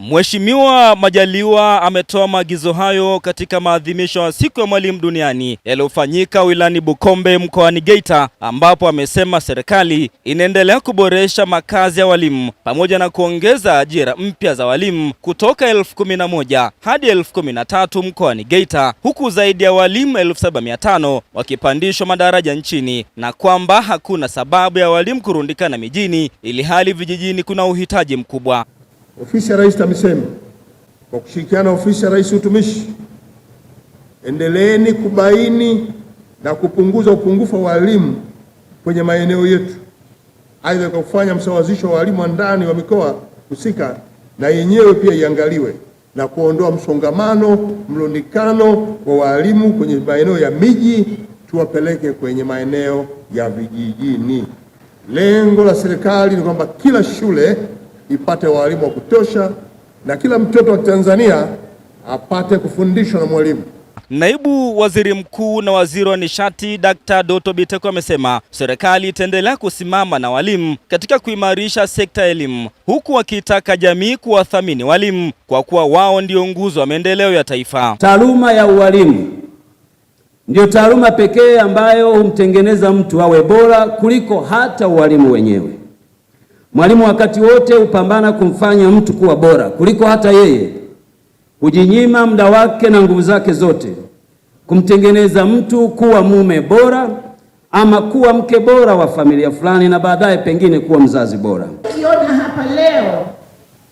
Mheshimiwa Majaliwa ametoa maagizo hayo katika maadhimisho ya siku ya mwalimu duniani yaliyofanyika wilani Bukombe mkoani Geita, ambapo amesema serikali inaendelea kuboresha makazi ya walimu pamoja na kuongeza ajira mpya za walimu kutoka elfu kumi na moja hadi elfu kumi na tatu mkoani Geita, huku zaidi ya walimu elfu saba mia tano wakipandishwa madaraja nchini na kwamba hakuna sababu ya walimu kurundikana mijini ili hali vijijini kuna uhitaji mkubwa. Ofisi ya Rais TAMISEMI kwa kushirikiana na Ofisi ya Rais Utumishi, endeleeni kubaini na kupunguza upungufu wa walimu kwenye maeneo yetu, aidha kwa kufanya msawazisho wa walimu wa ndani wa mikoa husika, na yenyewe pia iangaliwe na kuondoa msongamano, mlundikano wa walimu kwenye maeneo ya miji, tuwapeleke kwenye maeneo ya vijijini. Lengo la serikali ni kwamba kila shule ipate walimu wa kutosha na kila mtoto wa Tanzania apate kufundishwa na mwalimu. Naibu Waziri Mkuu na Waziri wa Nishati Dkt. Doto Biteko amesema serikali itaendelea kusimama na walimu katika kuimarisha sekta ya elimu, huku wakitaka jamii kuwathamini walimu kwa kuwa wao ndio nguzo ya maendeleo ya taifa. Taaluma ya ualimu ndiyo taaluma pekee ambayo humtengeneza mtu awe bora kuliko hata ualimu wenyewe. Mwalimu wakati wote hupambana kumfanya mtu kuwa bora kuliko hata yeye, hujinyima muda wake na nguvu zake zote kumtengeneza mtu kuwa mume bora ama kuwa mke bora wa familia fulani, na baadaye pengine kuwa mzazi bora. Kiona hapa leo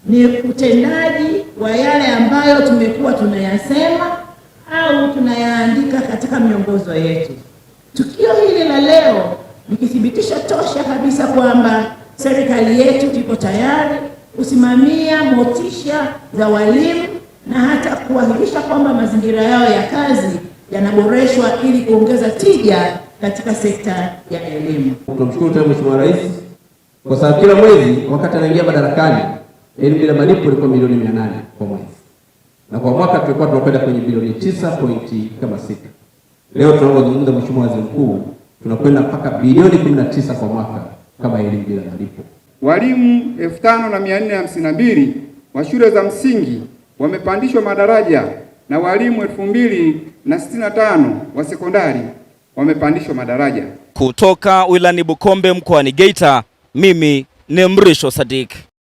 ni utendaji wa yale ambayo tumekuwa tunayasema au tunayaandika katika miongozo yetu. Tukio hili la leo ni kithibitisho tosha kabisa kwamba serikali yetu iko tayari kusimamia motisha za walimu na hata kuhakikisha kwamba mazingira yao ya kazi yanaboreshwa ili kuongeza tija katika sekta ya elimu. Tumshukuru tena Mheshimiwa Rais kwa sababu kila mwezi wakati anaingia madarakani elimu bila malipo ilikuwa milioni mia nane kwa mwezi, na kwa mwaka tulikuwa tunakwenda kwenye bilioni tisa pointi kama sita. Leo tunapozungumza, Mheshimiwa Waziri Mkuu, tunakwenda mpaka bilioni kumi na tisa kwa mwaka kama elimu bila malipo. Walimu elfu tano na mia nne hamsini na mbili wa shule za msingi wamepandishwa madaraja na walimu elfu mbili na sitini na tano wa sekondari wamepandishwa madaraja. Kutoka wilani Bukombe mkoani Geita, mimi ni Mrisho Sadiki.